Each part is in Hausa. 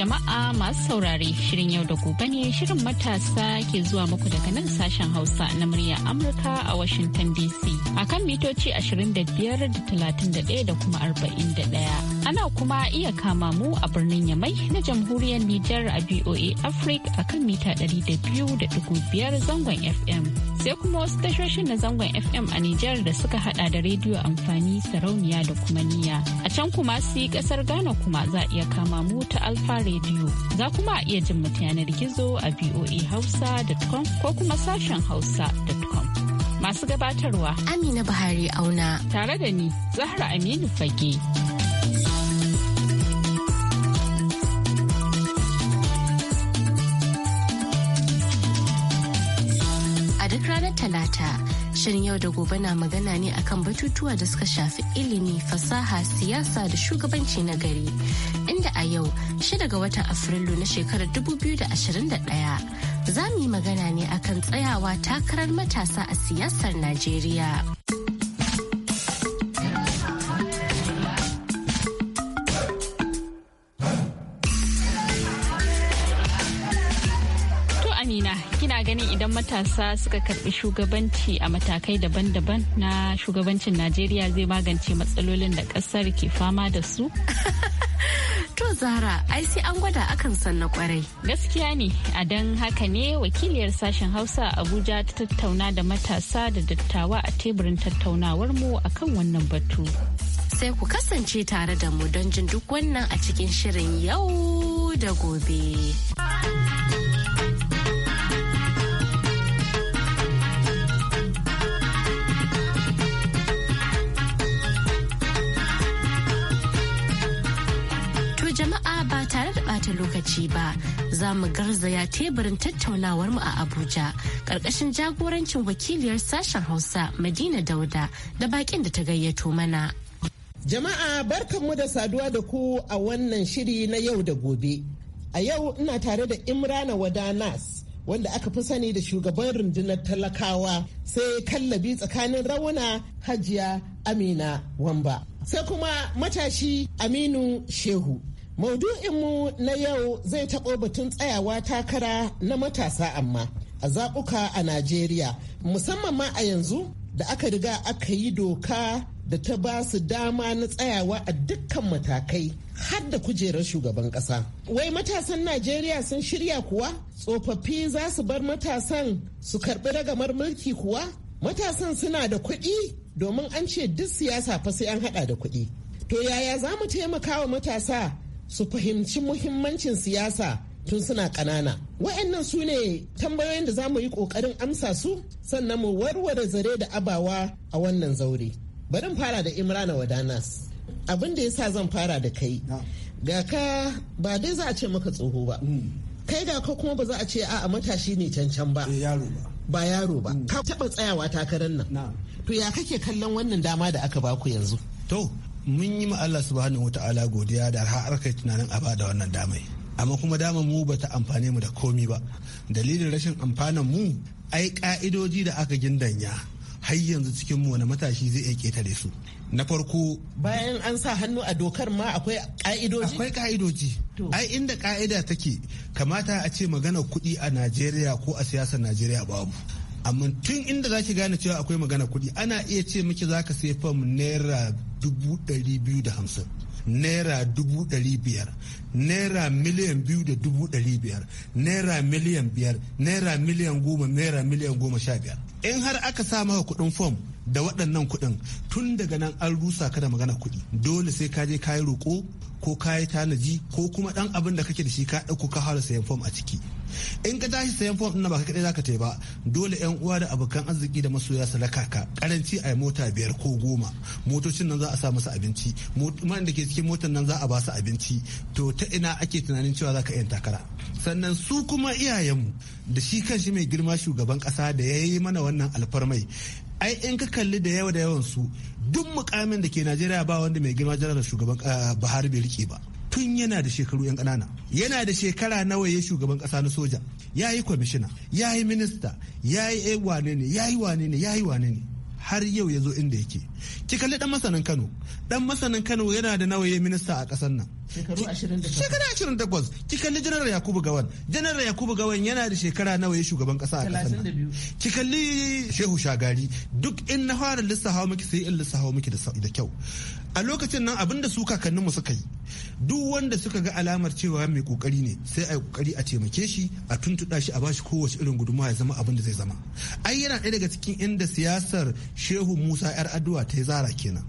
jama'a masu saurare shirin yau da gobe ne shirin matasa ke zuwa muku daga nan sashen hausa na murya amurka a washington dc akan mitoci 25 31 da kuma 41 ana kuma iya kama mu a birnin yamai na jamhuriyar nijar a voa africa kan mita 200.5 zangon fm sai kuma wasu tashoshin na zangon FM a Nijar da suka hada da rediyo amfani sarauniya da kuma niya. A can kuma su yi kasar Ghana kuma za a iya kama mu ta Alfa Radio. Za kuma a iya jin mata yanar gizo a VOA Hausa.com ko kuma sashen Hausa.com. Masu gabatarwa Amina Buhari Auna. Tare da ni Zahra Aminu Fage. gabata. Shirin yau da gobe na magana ne akan batutuwa da suka shafi ilimi, fasaha, siyasa da shugabanci na gari. Inda a yau, shida ga watan Afrilu na shekarar 2021, za mu yi magana ne akan tsayawa takarar matasa a siyasar Najeriya. matasa suka karbi shugabanci a matakai daban-daban na shugabancin Najeriya zai magance matsalolin da kasar ke fama da su? To Zara, ai sai an gwada akan san na kwarai. Gaskiya ne, a don haka ne wakiliyar sashen Hausa Abuja ta tattauna da matasa da dattawa a teburin tattaunawar mu akan wannan batu. Sai ku kasance tare da mu don jin duk wannan a cikin shirin yau da gobe. ɓata lokaci ba za mu garzaya teburin tattaunawar mu a Abuja ƙarƙashin jagorancin wakiliyar sashen Hausa Madina Dauda da baƙin da ta gayyato mana. Jama'a barkanmu da saduwa da ku a wannan shiri na yau da gobe. A yau ina tare da Imrana Wadanas wanda aka fi sani da shugaban rundunar talakawa sai kallabi tsakanin rawuna hajiya Amina Wamba. Sai kuma matashi Aminu Shehu Maudu'inmu na yau zai taɓo batun tsayawa takara na matasa amma a zaɓuka a Najeriya musamman ma a yanzu da aka riga aka yi doka da ta ba su dama na tsayawa a dukkan matakai har da kujerar shugaban ƙasa. Wai matasan Najeriya sun shirya kuwa tsofaffi za su bar matasan su karɓi ragamar mulki kuwa matasan suna da kuɗi domin an ce duk siyasa fa sai an haɗa da kuɗi. To yaya za mu taimaka wa matasa su fahimci muhimmancin siyasa tun suna ƙanana. Wa'annan su ne tambayoyin da za mu yi ƙoƙarin amsa su sannan mu warware zare da abawa a wannan zaure. Bari Barin fara da Imrana Wadanas. Abin da ya sa zan fara da kai. Ga ka ba dai za a ce maka tsoho ba. Hmm. Kai ga ka kuma ba za a ce a matashi ne cancan ba. Eh, yaro ba. yaro ba. Hmm. Ka taɓa tsayawa takarar nan. To ya kake kallon wannan dama da aka baku yanzu? To, mun yi ma Allah subhanahu Ta'ala godiya da har aka tunanin a ba da wannan damai amma kuma dama mu bata amfani mu da komi ba dalilin rashin amfanan mu ai ka'idoji da aka gindanya har yanzu cikin mu wani matashi zai iya ketare su na farko bayan an sa hannu a dokar ma akwai ka'idoji akwai ka'idoji ai inda ka'ida take kamata a ce magana kuɗi a najeriya ko a siyasar najeriya babu amma tun inda za ki gane cewa akwai magana kuɗi ana iya ce miki za ka sai fam naira dubu ɗari biyu da hamsin naira dubu ɗari biyar naira miliyan biyu da dubu ɗari biyar naira miliyan biyar naira miliyan goma naira miliyan goma sha biyar in har aka sa maka kuɗin fom da waɗannan kuɗin tun daga nan an rusa ka da magana kuɗi dole sai ka je ka yi roƙo ko ka yi tanaji ko kuma ɗan abin da kake da shi ka ɗauko ka fara sayan fom a ciki in ka tashi sayan fom ɗin ba ka kaɗai zaka ba dole yan uwa da abokan arziki da masoya su raka ka karanci a mota biyar ko goma motocin nan za a sa masa abinci man da ke cikin motar nan za a ba su abinci to ta ina ake tunanin cewa za ka yi takara sannan su kuma iyayenmu da shi kan shi mai girma shugaban kasa da ya yi mana wannan alfarmai ai in ka kalli da yawa da yawan su duk mukamin da ke najeriya ba wanda mai girma janar shugaban ah, buhari bai rike ba tun yana da shekaru yan ƙanana yana da shekara nawa ya shugaban ƙasa na soja ya yi kwamishina ya yi minista ya yi eh, wane ne ya yi wane ne ya yi wane ne har yau ya zo inda yake ki kalli dan masanin kano dan masanin kano yana da nawa ya minista a ƙasar nan shekaru 28 shekaru 28 ki kalli janar yakubu gawan janar yakubu gawan yana da shekara nawa ya shugaban kasa a kasar ki kalli shehu shagari duk in na fara lissafa miki sai in lissafa miki da kyau a lokacin nan abinda su kakannin mu suka yi duk wanda suka ga alamar cewa mai kokari ne sai a yi kokari a taimake shi a tuntuɗa shi a bashi kowace irin gudumawa ya zama abin da zai zama ai yana ɗaya daga cikin inda siyasar shehu musa yar addu'a ta yi zara kenan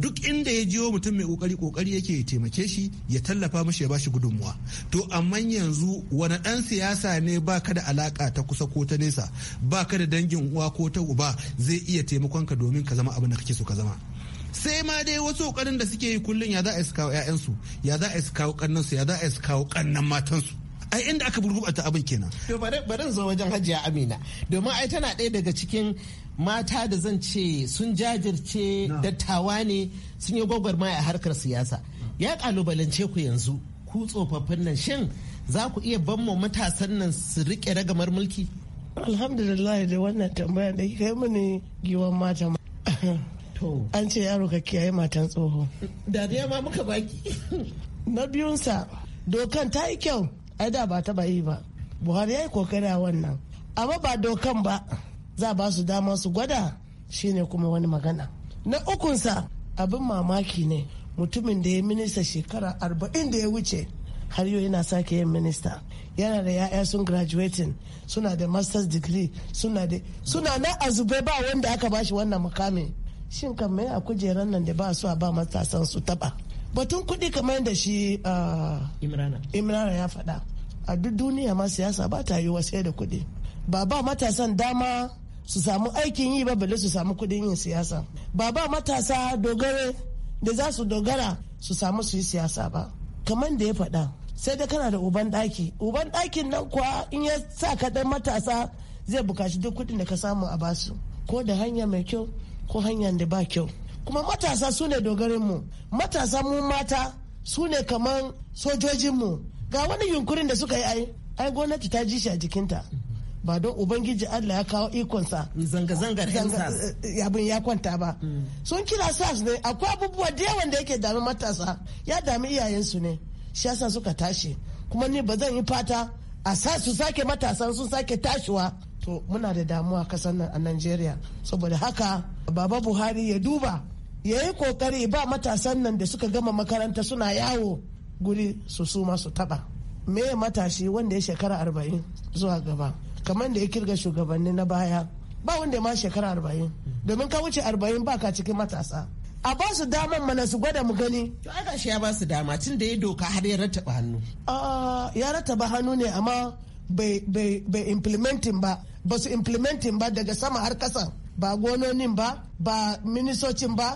duk inda ya jiyo mutum mai kokari kokari yake taimake shi ya tallafa mashi ya bashi gudunmuwa to amma yanzu wani dan siyasa ne ba ka da alaka ta kusa ko ta nesa ba ka da dangin uwa ko ta uba zai iya taimakon ka domin ka zama abin da kake so ka zama sai ma dai wasu kokarin da suke yi kullun ya za a kawo 'ya'yansu ya za a kawo kannansu ya za a kawo kannan matansu ai inda aka gurgurta abin kenan to bari zo wajen hajiya amina domin ai tana ɗaya daga cikin mata da zan ce sun jajirce dattawa ne sun yi gwagwarmaya a harkar siyasa ya kalubalance ku yanzu ku tsofaffin nan shin za ku iya ban matasan nan su rike ragamar mulki alhamdulillah da wannan tambaya da kai mini giwon mata an ce yaro ka kiyaye matan tsoho dariya ma muka baki na biyunsa dokan ta yi kyau ai da ba ta yi ba buhari ya yi kokari a wannan amma ba dokan ba za ba su dama su gwada Shi ne kuma wani magana na ukunsa abin mamaki ne mutumin da ya minista shekara arba'in da ya wuce har yau yana sake yin minista yana da ya'ya sun graduating suna da master's degree suna da suna na azube ba wanda aka bashi wannan mukamin shin kan me a kujeran nan da ba su a ba matasan su taba batun kuɗi kamar da shi ah, imrana ya faɗa a duk duniya ma siyasa ba ta yi sai da kuɗi ba ba matasan dama su samu aikin yi ba balle su samu kudin yin siyasa ba ba matasa dogare da za su dogara su samu su yi siyasa ba kamar da ya faɗa sai dai kana da uban ɗaki uban ɗakin nan kuwa in ya sa kaɗan matasa zai bukaci duk kudin da ka samu a basu ko da hanya mai kyau ko hanyar da ba kyau kuma matasa su ne mu matasa mu mata su ne kamar sojojinmu ga wani yunkurin da suka yi ai ai gwamnati ta ji shi a jikinta ba don ubangiji allah ya kawo ikonsa zanga-zangar eh, eh, abin ya kwanta ba hmm. sun kira sas ne akwai abubuwa da yawan da yake dami matasa ya dami iyayensu ne shi yasa suka tashi kuma ni ba zan yi fata a sa su sake matasan sun sake tashiwa to muna da damuwa kasan nan a najeriya saboda haka baba buhari ya duba ya yi kokari ba matasan nan da suka gama makaranta suna yawo guri su suma su taba me matashi wanda ya shekara arba'in zuwa gaba kamar da ya kirga shugabanni na baya ba wanda ma shekara arba'in domin ka wuce arba'in ba ka cikin matasa a ba su daman mana su gwada mu gani to aka gashi ya ba su dama tun da ya doka har ya rattaba hannu ya rataba hannu ne amma bai implementing ba ba su implementing ba daga sama har kasa ba gononin ba ba ministocin ba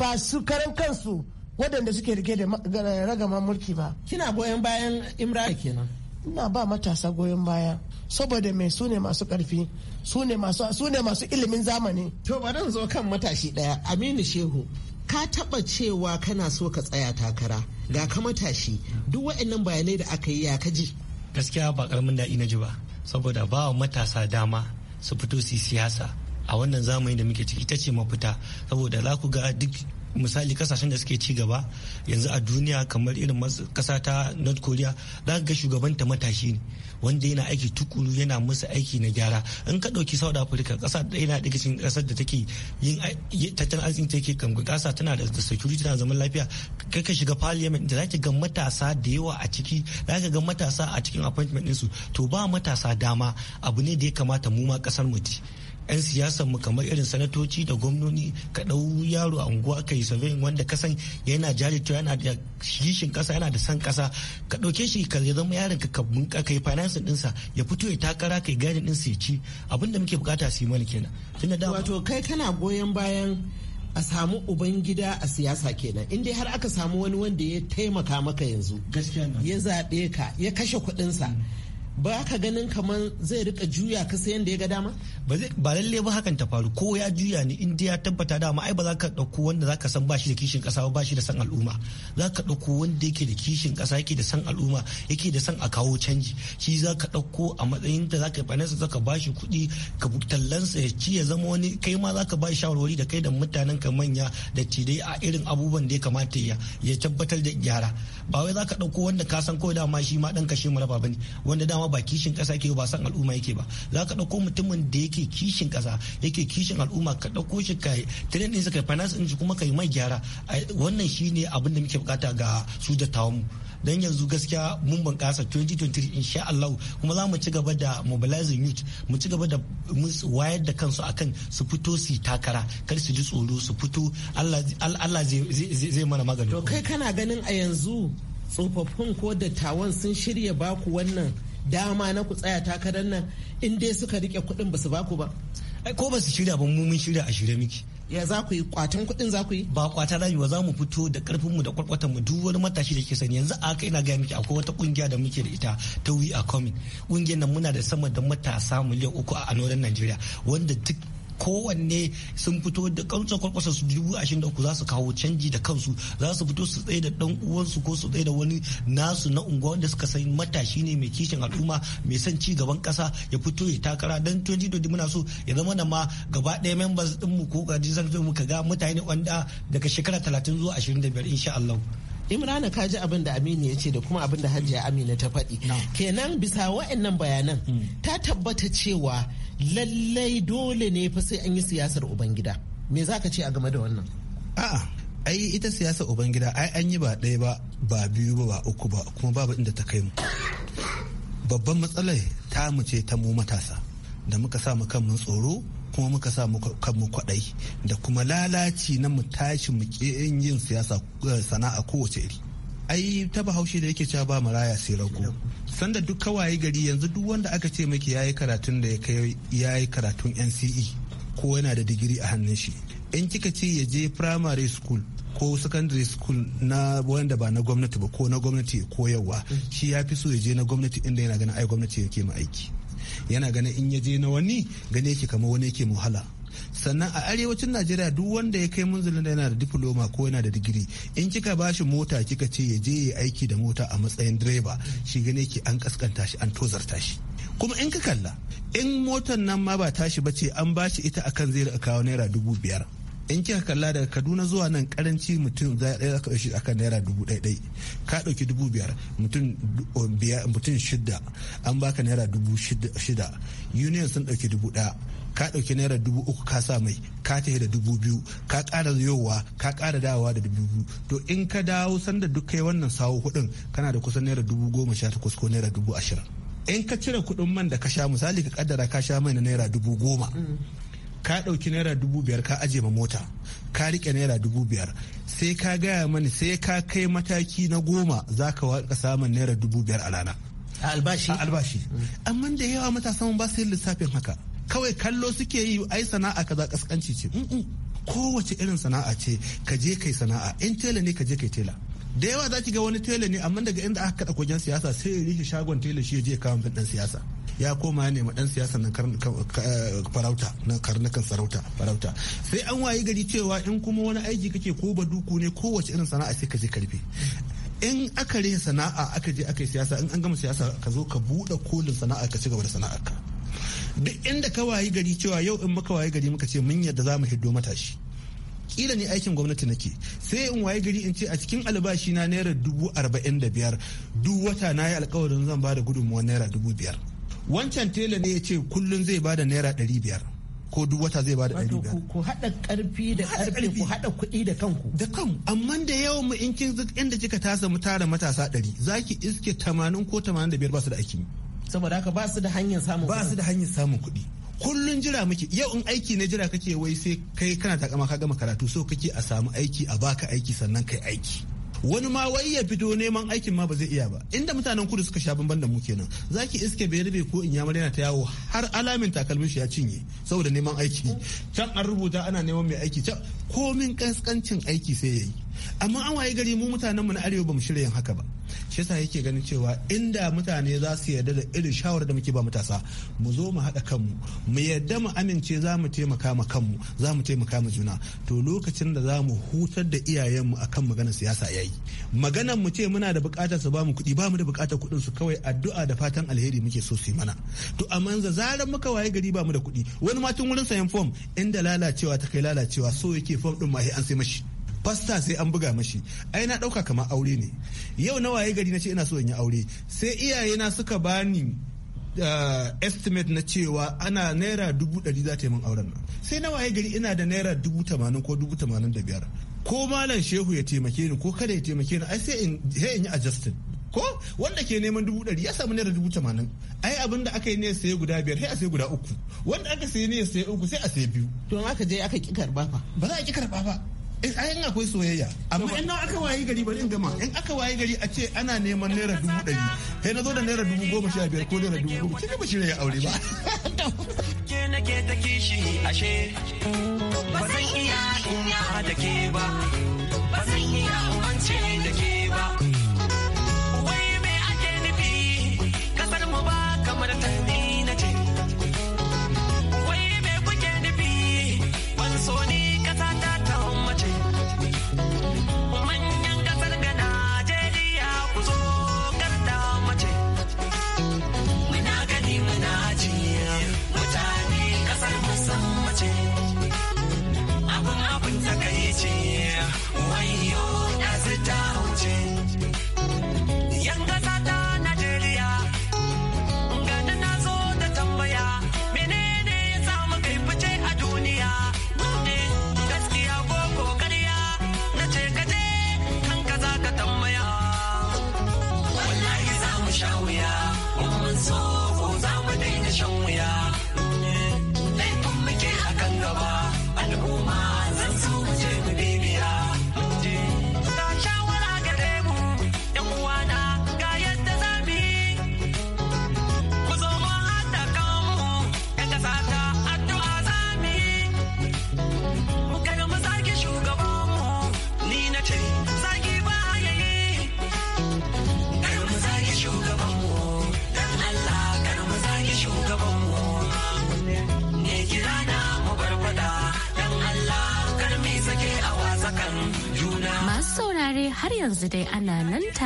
ba su karan kansu waɗanda suke rike da ragaman mulki ba kina goyon bayan imra kenan ina ba matasa goyon baya saboda mai su ne masu karfi su ne masu ilimin zamani to bari zo kan matashi daya aminu shehu ka taba cewa kana so ka tsaya takara ga ka matashi duk waɗannan bayanai da aka yi ya kaji. gaskiya ba karamin daɗi na ji ba saboda ba wa matasa dama su fito su siyasa a wannan zamani da muke ciki ita ce mafita saboda za ku ga duk misali kasashen da suke ci gaba yanzu a duniya kamar irin kasa ta north korea za ga shugabanta matashi ne wanda yana aiki tukuru yana musu aiki na gyara in ka ɗauki south africa da yana daga cikin ƙasar da take yin tattalin arzikin take kan ƙasa tana da security tana zaman lafiya kai ka shiga parliament da zaki ga matasa da yawa a ciki zaki ga matasa a cikin appointment su to ba matasa dama abu ne da ya kamata mu ma kasar mu ci 'yan siyasar mu kamar irin sanatoci da gwamnoni ka ɗau yaro a unguwa ka yi surveying wanda san yana jajircewa yana da shishin kasa yana da san kasa ka ɗauke shi ka zama yaron ka ka yi finance ɗinsa ya fito ya takara ka yi gadin sa ya ci abin da muke bukata su yi mana kenan. wato kai kana goyon bayan a samu uban gida a siyasa kenan inda har aka samu wani wanda ya taimaka maka yanzu ya zaɓe ka ya kashe kuɗin sa. Mm. ba ka ganin kamar zai rika juya ka sayan da ya ga dama? Ba lalle ba hakan ta faru ko ya juya ne in ya tabbata dama ai ba za ka ɗauko wanda za ka san bashi da kishin ƙasa ba bashi da san al'umma za ka ɗauko wanda yake da kishin ƙasa yake da san al'umma yake da san a kawo canji shi za ka ɗauko a matsayin da za ka yi za ka bashi kuɗi ka tallansa ya ci ya zama wani kai ma za ka bashi shawarwari da kai da mutanen ka manya da tidai a irin abubuwan da ya kamata ya ya tabbatar da gyara ba wai za ka ɗauko wanda ka san kawai dama shi ma ɗan kashe maraba ba ne wanda dama ma ba kishin kasa yake ba san al'umma yake ba za ka ɗauko mutumin da yake kishin kasa yake kishin al'umma ka ɗauko shi ka tirin ɗinsa ka finance ɗin shi kuma ka yi mai gyara wannan shi ne abin da muke bukata ga su dattawan mu don yanzu gaskiya mun bunƙasa 2023 insha Allah kuma za mu ci gaba da mobilizing youth mu ci gaba da wayar da kansu akan su fito su takara kar su ji tsoro su fito Allah zai mana magani to kai kana ganin a yanzu tsofaffin ko dattawan sun shirya baku wannan dama na ku tsaya takarar nan in dai suka rike kuɗin ba su ba ku ba ko ba su shirya ba mu mun shirya a shirye miki ya za ku yi kwatan kuɗin za ku yi ba kwata rayu ba za mu fito da karfin mu da kwakwatan mu duk wani matashi da ke sani yanzu aka ina na ga miki akwai wata kungiya da muke da ita ta we are coming kungiyar nan muna da sama da matasa miliyan uku a anoran Najeriya wanda duk kowanne sun fito da kansu kwakwasa su dubu ashirin da uku za su kawo canji da kansu za su fito su tsaye da dan uwansu ko su tsaye da wani nasu na unguwa wanda suka san matashi ne mai kishin al'umma mai son ci gaban kasa ya fito ya takara dan 2020 muna so ya zama da ma gaba ɗaya members din mu ko gaji zan mu ka ga mutane wanda daga shekara 30 zuwa 25 insha Allah imrana ka ji abin da aminu ya ce da kuma abin da hajiya amina ta faɗi kenan bisa wa'annan bayanan hmm. ta tabbata cewa lallai dole ne fa sai an yi siyasar ubangida me za ka ce a game da wannan a'a ai ita siyasar ubangida ai an yi ba ɗaya ba ba biyu ba ba uku ba kuma babu inda ta kai mu babban matsalar ta mu ce ta mu matasa da muka sa mu kanmu tsoro kuma muka sa mu kanmu kwaɗayi da kuma lalaci na mu tashi mu yin siyasa eh, sana'a kowace iri ai ta bahaushe da yake cewa ba maraya sai rago sanda duk kawaye gari yanzu duk wanda aka ce miki yayi karatun da ya kai yayi karatun NCE ko yana da digiri a hannun shi in kika ce ya je primary school ko secondary school na wanda ba na gwamnati ba ko na gwamnati ko yawa shi ya fi so ya je na gwamnati inda yana ganin ai gwamnati yake ma aiki yana ganin in ya je na wani gane yake kamar wani yake muhala sannan a arewacin najeriya duk wanda ya kai munzulin da yana da diploma ko yana da digiri in kika ba shi mota kika ce ya je ya aiki da mota a matsayin direba shi gane ki an kaskanta shi an tozarta shi kuma in ka kalla in motar nan ma ba tashi ba ce an ba shi ita akan zai kawo naira dubu biyar in kika kalla daga kaduna zuwa nan karanci mutum za a ɗaya shi akan naira dubu ɗaya ɗai ka ɗauki dubu biyar mutum shida an baka naira dubu shida union sun ɗauki dubu ɗaya ka ɗauki naira dubu uku ka sa mai ka tafi da dubu biyu ka ƙara yowa ka ƙara dawowa da dubu biyu to in ka dawo sanda duk kai wannan sawo kuɗin kana da kusan naira dubu goma sha takwas ko naira dubu ashirin in ka cire kuɗin man da ka sha misali ka kaddara ka sha mai na naira dubu goma ka ɗauki naira dubu biyar ka aje ma mota ka riƙe naira dubu biyar sai ka gaya mani sai ka kai mataki na goma za ka waka samun naira dubu biyar a rana a albashi a albashi amma da yawa matasan ba su yin lissafin haka kawai kallo suke yi ai sana'a kaza kaskanci ce kowace irin sana'a ce ka je kai sana'a in tela ne ka je kai tela da yawa za ki ga wani tela ne amma daga inda aka kada kogen siyasa sai ya rike shagon tela shi ya je kawo dan siyasa ya koma ya ma dan siyasa na eh, farauta na karnukan sarauta farauta sai an wayi gari cewa in kuma wani aiki kake ko duku ne kowace irin sana'a sai ka je karfe in aka rike sana'a aka je aka yi siyasa in an gama siyasa ka zo ka buɗe kolin sana'a ka ci gaba da sana'arka duk inda ka wayi gari cewa yau in maka wayi gari muka ce mun yadda za mu hiddo matashi kila ni aikin gwamnati nake sai in waye gari in ce a cikin albashi na naira dubu arba'in da biyar duk wata na yi alkawarin zan bada gudunmuwa naira dubu biyar wancan tela ne ya ce kullum zai bada naira ɗari biyar ko duk wata zai bada ɗari biyar ku haɗa ƙarfi da ƙarfi ku haɗa kuɗi da kanku da kan amma da yawan mu in kin inda kika tasa mu tara matasa ɗari zaki iske tamanin ko tamanin da biyar ba su da aikin saboda haka ba su da hanyar samun ba su da hanyar samun kuɗi kullun jira muke yau in aiki ne jira kake wai sai kai kana takama ka gama karatu so kake a samu aiki a baka aiki sannan kai aiki wani ma wai ya fito neman aikin ma ba zai iya ba inda mutanen kudu suka sha bamban da mu kenan ki iske bai rabe ko in inyamar yana ta yawo har alamin takalmin shi ya cinye saboda neman aiki can an rubuta ana neman mai aiki can komin kaskancin aiki sai yayi amma an waye gari mu mutanenmu na arewa bamu shirya haka ba shi yasa yake ganin cewa inda mutane za su yarda da irin shawarar da muke ba matasa mu zo mu haɗa kanmu mu yarda mu amince za mu taimaka ma kanmu za mu taimaka ma juna to lokacin da za mu hutar da iyayenmu akan maganar siyasa yi maganar mu ce muna da buƙatar su ba mu kuɗi ba mu da buƙatar kuɗin su kawai addu'a da fatan alheri muke so su yi mana to amma za zaran muka waye gari ba mu da kuɗi wani ma tun wurin sayan fom inda lalacewa ta kai lalacewa so yake fom ɗin ma an sai mashi fasta sai an buga mashi ai na ɗauka kamar aure ne yau na waye gari na ce ina so in yi aure sai iyayena suka bani Uh, estimate na cewa ana naira dubu ɗari za ta yi min auren nan sai na waye gari ina da naira dubu tamanin ko dubu tamanin da biyar ko malam shehu ya taimake ni ko kada ya taimake ni ai sai in yi adjusting ko wanda ke neman dubu ɗari ya samu naira dubu tamanin ai abin da aka yi ne sai guda biyar sai a sai guda uku wanda aka sayi ne sai uku sai a sai biyu to aka je aka ƙi karba fa ba za a ƙi karba ba Eh, in akwai soyayya amma in na aka waye gari bari in gama in aka waye gari a ce ana neman naira dubu ɗari sai na zo da naira dubu goma sha biyar ko naira dubu goma kika ba ya aure ba ke nake ta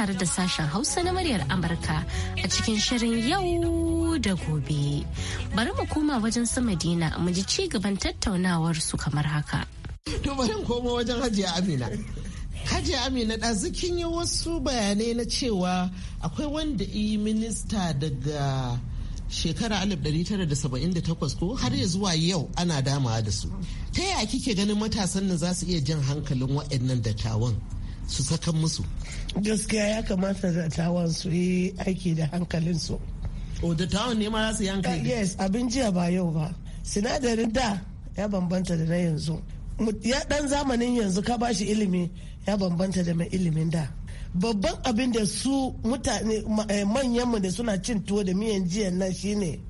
tare da sashen Hausa na muryar Amurka a cikin shirin yau da gobe. Bari mu koma wajen su Madina mu ji ci gaban tattaunawar su kamar haka. To wajen Hajiya Amina. hajji Amina ɗazu kin yi wasu bayanai na cewa akwai wanda yi minista daga shekara 1978 ko har ya zuwa yau ana dama da su ta yaya kike ganin matasan nan za su iya jan hankalin waɗannan dattawan su saka musu gaskiya ya kamata da tawon su yi aiki da hankalin su o da ne ma za su yi ah, yes abin jiya ba yau ba sinadarin da ya bambanta da na yanzu ya dan zamanin yanzu ka bashi ilimi ya bambanta da mai ilimin da babban abin da su mutane eh, mu da suna cin tuwo da miyan jiyan nan shine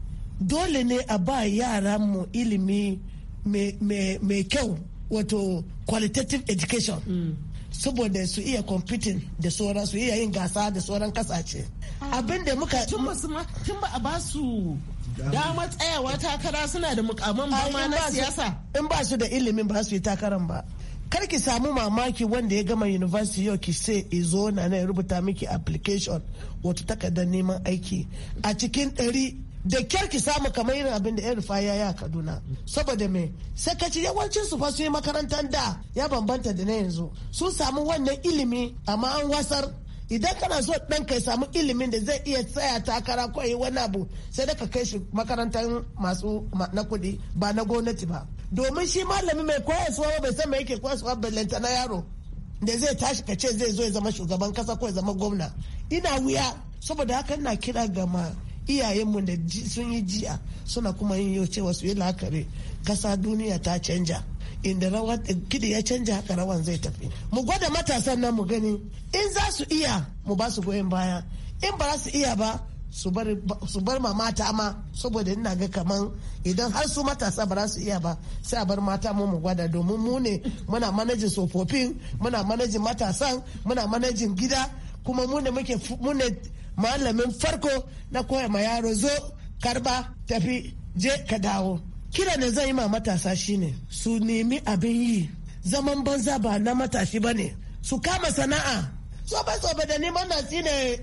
dole ne a ba yaran mu ilimi mai kyau wato qualitative education mm. saboda su iya competing da sauran su iya yin gasa da sauran kasashe abin da muka tun ba a ba su dama tsayawa takara suna da mukamman ba ma na siyasa in ba su da ilimin ba su yi takaran ba kar ki samu mamaki wanda ya gama university yau ki sai izo na na rubuta miki application wato takardar neman aiki a cikin ɗari da kyar ki samu kamar irin abin da irin ya ya kaduna saboda me ci yawancin su fa su yi makarantar da ya bambanta da na yanzu sun samu wannan ilimi amma an wasar idan kana so dan kai samu ilimin da zai iya tsaya takara ko yi wani abu sai da ka kai shi makarantar masu na kuɗi ba na gwamnati ba domin shi malami mai koyarwa bai san mai yake koyarwa lanta na yaro da zai tashi ka ce zai zo ya zama shugaban kasa ko ya zama gwamna ina wuya saboda haka ina kira ga ma iyayenmu da sun yi jiya suna kuma yin yau cewa su yi la'akari kasa duniya ta canja inda rawa kidi ya canja haka rawan zai tafi mu gwada matasan nan mu gani in za su iya mu ba su goyon baya in ba su iya ba su bar ma mata ma saboda ina ga kaman idan har su matasa ba su iya ba sai a bar mata mu mu gwada domin mu ne muna manajin tsofaffin muna manajin matasan muna manajin gida kuma mu muke mu ne malamin farko na koya ma yaro zo karba tafi je ka dawo kira ne zai yi ma matasa shine su nemi abin yi zaman banza ba na matashi ba ne su kama sana'a tsobe-tsobe da neman na ne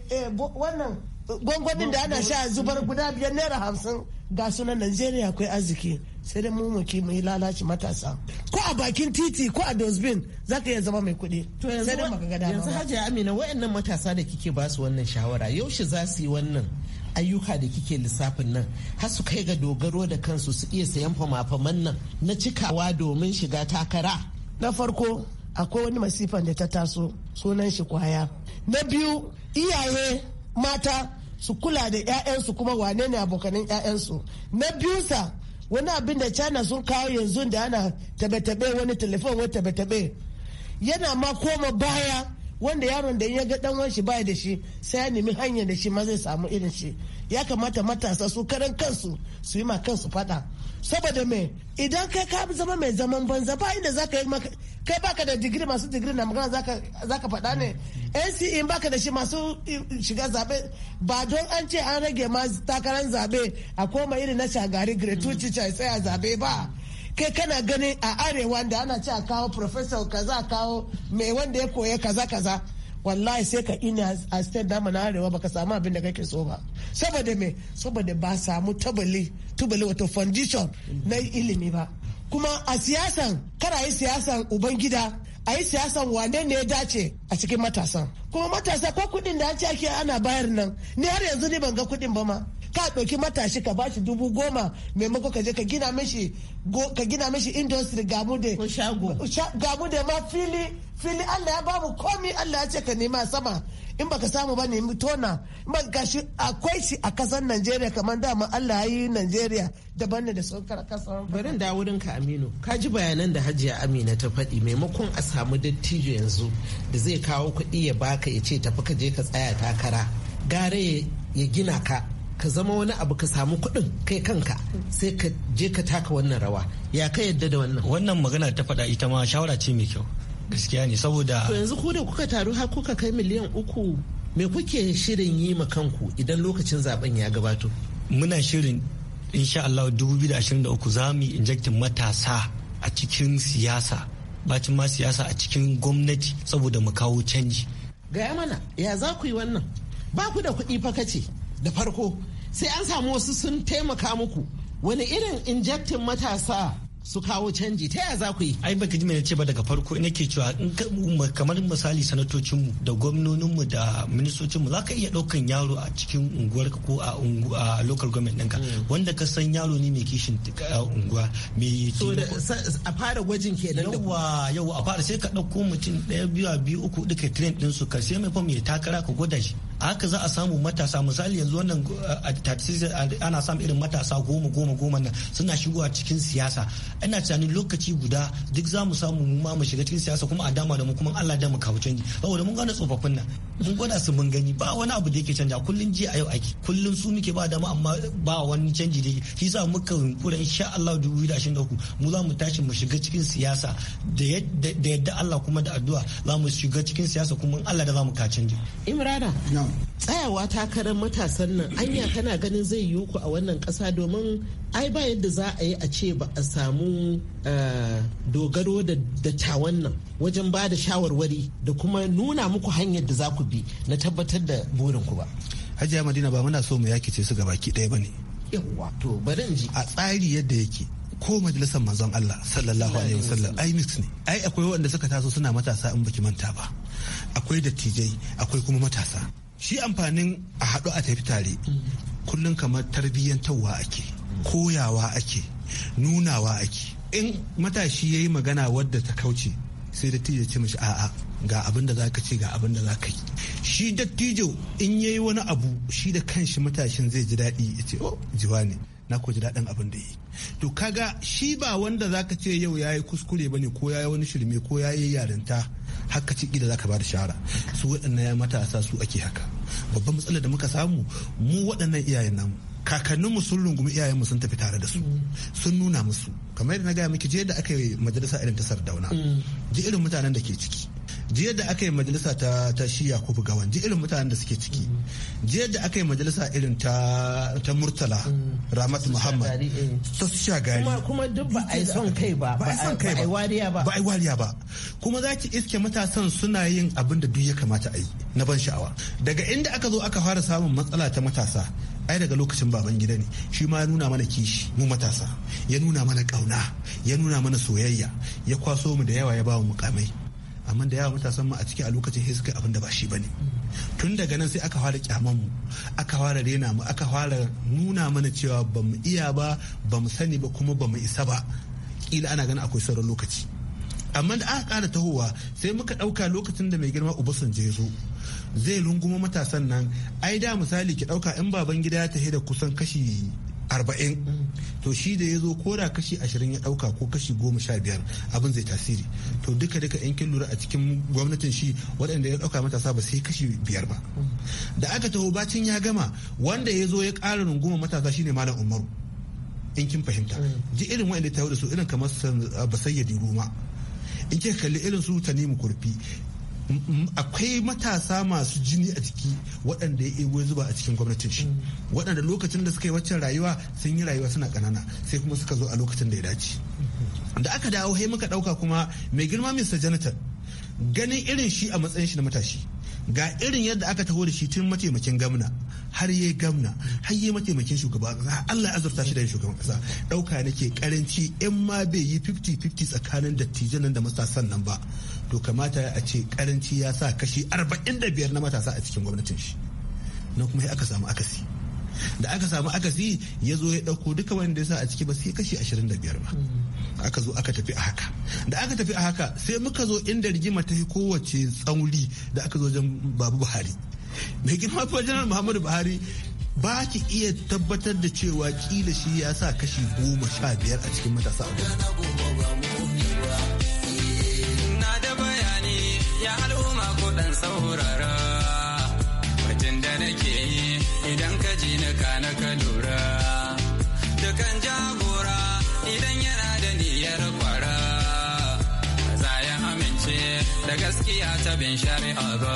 wannan gwangwanin da ana sha zubar guda biyar naira hamsin ga sunan najeriya akwai arziki sai dai mu muke muyi lalace lalaci matasa ko a bakin titi ko a dosbin za ka iya zama mai kuɗi to yanzu hajji hajiya amina wayannan matasa da kike ba su wannan shawara yaushe za su yi wannan ayyuka da kike lissafin nan har su kai ga dogaro da kansu su iya sayan fama-faman nan na cikawa domin shiga takara na farko akwai wani masifan da ta taso sunan shi kwaya na biyu iyaye mata su kula da 'ya'yansu kuma wane ne abokanin 'ya'yansu na biyu sa wani abin da china sun kawo yanzu da ana tabe-tabe wani telefon wani tabe-tabe yana ma koma baya wanda yaron da ya ga dan wanshi baya da shi sai ya nemi hanyar da shi ma zai samu irin shi ya kamata matasa su karan kansu su yi ma kansu fada saboda me idan kai ka zama mai zaman banza ba inda za ka yi kai baka da digiri masu digiri na magana za ka faɗa ne nce baka da shi masu shiga zaɓe ba don an ce an rage ma takarar zaɓe a koma iri na shagari gretuci cai tsaya zaɓe ba kai kana ganin a arewa da ana ce a kawo professor kaza kawo mai wanda ya koya kaza kaza wallahi sai ka ina a state dama na arewa baka samu abin da kake so ba saboda me saboda ba samu tabali tubali wato foundation na ilimi ba kuma a siyasan kar yi siyasan ubangida a yi siyasan wane ne ya dace a cikin matasan kuma matasa ko kudin da ake ake ana bayar nan ni har yanzu ni ban ga kudin ba ma ka ɗauki matashi ka bashi dubu goma maimako ka je ka gina mishi ka gina mishi industry gamu da gamu da ma fili fili Allah ya bamu komi Allah ya ce ka nema sama in baka samu ba nemi tona in ba gashi akwai shi a kasar Najeriya kamar dama Allah ya yi Najeriya daban ne da saukar kasar bari da wurin ka Aminu ka ji bayanan da Hajiya Amina ta faɗi maimakon a samu dattijo yanzu da zai kawo kuɗi ya baka ya ce tafi ka je ka tsaya takara gare ya gina ka ka zama wani abu ka samu kuɗin kai kanka sai ka je ka taka wannan rawa ya ka yadda da wannan wannan magana ta faɗa ita ma shawara ce mai kyau gaskiya ne saboda yanzu ku da kuka taru har kuka kai miliyan uku me kuke shirin yi ma kanku idan lokacin zaben ya gabato muna shirin insha Allah 2023 za mu injectin matasa a cikin siyasa bacin ma siyasa a cikin gwamnati saboda mu kawo canji gaya mana ya za ku yi wannan ba ku da kuɗi fa kace da farko sai an samu wasu sun taimaka muku wani irin injectin matasa su kawo canji ta yaya za ku yi ai baka ji me ce ba daga farko nake cewa kamar misali sanatocinmu da gwamnoninmu da ministocinmu za ka iya ɗaukan yaro a cikin unguwar ko a local government ɗinka hmm. wanda ka san yaro ne mai kishin unguwa mai a fara gwajin da yawa yawa a fara sai ka ɗauko mutum ɗaya biyu biyu uku duka train ɗin su ka sai mai fam ya takara ka gwada shi haka za a samu matasa misali yanzu wannan a ana samun irin matasa goma goma goma nan suna shigowa cikin siyasa ina tunanin lokaci guda duk za mu samu mu ma mu shiga cikin siyasa kuma a dama da mu kuma Allah da mu kawo canji saboda mun gane tsofaffin nan mun gwada su mun gani ba wani abu da yake canja kullun jiya a yau ake kullun su muke ba dama amma ba wani canji da yake shi sa muka yunkura insha Allah da wuri 2023 mu za mu tashi mu shiga cikin siyasa da yadda Allah kuma da addu'a za mu shiga cikin siyasa kuma Allah da za mu ka canji imrana tsayawa takarar matasan nan anya kana ganin zai yi ku a wannan kasa domin ai ba yadda za a yi a ce ba a samu eh, dogaro da dattawan nan wajen ba da shawarwari da kuma nuna muku hanyar da za ku bi na tabbatar da burin ku ba hajiya madina ba muna so mu ce su baki ɗaya ba ne to bari ji a tsari yadda yake ko majalisar manzon Allah sallallahu alaihi wasallam ai mix ne ai akwai waɗanda suka taso suna matasa in baki manta ba akwai dattijai akwai kuma matasa shi amfanin a haɗu a tafi tare kullum kamar tarbiyyantarwa ake koyawa ake nunawa ake in matashi ya yi magana wadda ta kauce sai dattijo ce mashi a'a ga abin za ka ce ga abin za ka yi shi dattijo in ya yi wani abu shi da kanshi matashin zai ji daɗi ya ce oh jiwa ne na ko ji daɗin abin da yi to kaga shi ba wanda za ka ce yau ya yi kuskure ba ne ko ya yi wani shirme ko ya yi yarinta haka ci za ka ba da shahara su waɗannan matasa su ake haka babban matsalar da muka samu mu waɗannan iyayen namu kakanninmu sun rungumi iyayenmu sun tafi tare da su sun nuna musu kamar yadda na gaya miki je da aka yi majalisa irin ta dauna ji mm. irin mutanen da ke ciki jiya da aka yi majalisa ta ta shi ko bugawan ji irin mutanen da suke ciki jiya da aka yi majalisa irin ta ta murtala mm. ramat muhammad eh. ta su sha gari. kuma duk ba a yi son kai ba ba a yi wariya ba ba a yi wariya ba kuma za ki iske matasan suna yin abin da duk ya kamata a yi na ban sha'awa daga inda aka zo aka fara samun matsala ta matasa ai daga lokacin baban gida ne shi ma ya nuna mana kishi mu matasa ya nuna mana kauna ya nuna mana soyayya ya kwaso mu da yawa ya ba mu mukamai amma da yawa matasan mu a ciki a lokacin sai suka abin da ba shi bane tun daga nan sai aka fara kyaman mu aka fara rena mu aka fara nuna mana cewa ba mu iya ba ba mu sani ba kuma ba mu isa ba kila ana ganin akwai sauran lokaci amma da aka kara tahowa sai muka dauka lokacin da mai girma uba san je zo zai runguma matasan nan ai da misali ki dauka in baban gida ya tafi da kusan kashi arba'in to shi da ya zo ko da kashi ashirin ya dauka ko kashi goma sha biyar abin zai tasiri to duka duka in kin lura a cikin gwamnatin shi waɗanda ya dauka matasa ba sai kashi biyar ba da aka taho bacin ya gama wanda ya zo ya ƙara runguma matasa shine malam umaru in kin fahimta ji irin waɗanda ta da su irin kamar basayyadi ruma in kika kalli irin su tanimu kurfi akwai matasa masu jini a ciki waɗanda ya ebo zuba a cikin gwamnatin shi mm. waɗanda lokacin da suka yi waccan rayuwa sun yi rayuwa suna ƙanana sai kuma suka zo a lokacin da ya dace mm-hmm. da aka dawo hai muka ɗauka kuma mai girma mr jonathan ganin irin shi a matsayin shi na matashi ga irin yadda aka taho da shi tun mataimakin gwamna har yi gamna har yi mataimakin shugaban kasa Allah ya azurta shi da shugaban kasa dauka nake karanci in ma bai yi 50-50 tsakanin dattijan nan da matasan nan ba to kamata a ce karanci ya sa kashi 45 na matasa a cikin gwamnatin shi na kuma sai aka samu akasi da aka samu akasi ya zo ya dauko duka wanda ya sa a ciki ba sai kashi 25 ba aka zo aka tafi a haka da aka tafi a haka sai muka zo inda rigima ta fi kowace tsauri da aka zo wajen babu buhari mai girma fa janar muhammadu buhari ba ki iya tabbatar da cewa kila shi ya sa kashi goma sha biyar a cikin matasa a na da bayani ya al'umma ko saurara Wajen da nake yi idan ka ji na ka ka lura dukan jagora idan yana da niyyar kwara za ya amince da gaskiya ta bin shari'a ba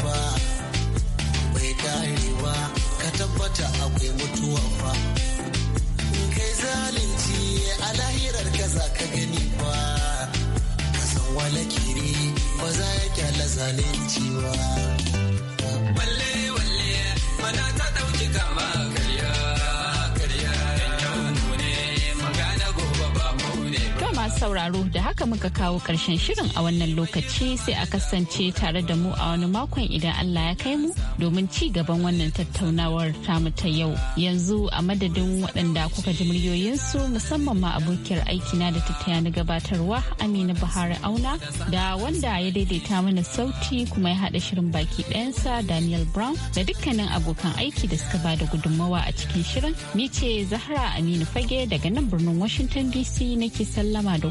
mata akwai mutuwa fa kai zalunci a lahirar ka za ka gani fa ka san wala kiri ba za ya kyala zalunci ba wale walle mana ta dauki kama sauraro da haka muka kawo karshen shirin a wannan lokaci sai a kasance tare da mu a wani makon idan Allah ya kai mu domin ci gaban wannan tattaunawar tamu ta yau. Yanzu a madadin waɗanda kuka ji muryoyinsu musamman ma abokiyar aikina da ta na gabatarwa aminu Buhari Auna da wanda ya daidaita mana sauti kuma ya haɗa shirin baki ɗayansa Daniel Brown da dukkanin abokan aiki da suka bada gudummawa a cikin shirin. Ni ce Zahra Aminu Fage daga nan birnin Washington DC nake sallama da